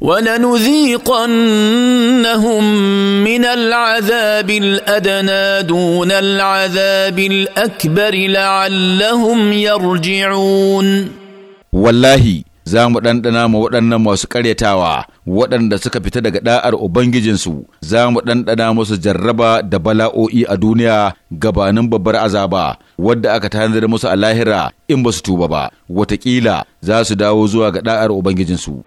ولنذيقنهم من العذاب الادنى دون العذاب الاكبر لعلهم يرجعون والله za mu ɗanɗana ma waɗannan masu ƙaryatawa waɗanda suka fita daga ɗa'ar Ubangijinsu, za mu ɗanɗana musu jarraba da bala'o'i a duniya gabanin babbar azaba, wadda aka tanadar musu a lahira in ba su tuba ba, wataƙila za su dawo zuwa ga ɗa'ar Ubangijinsu.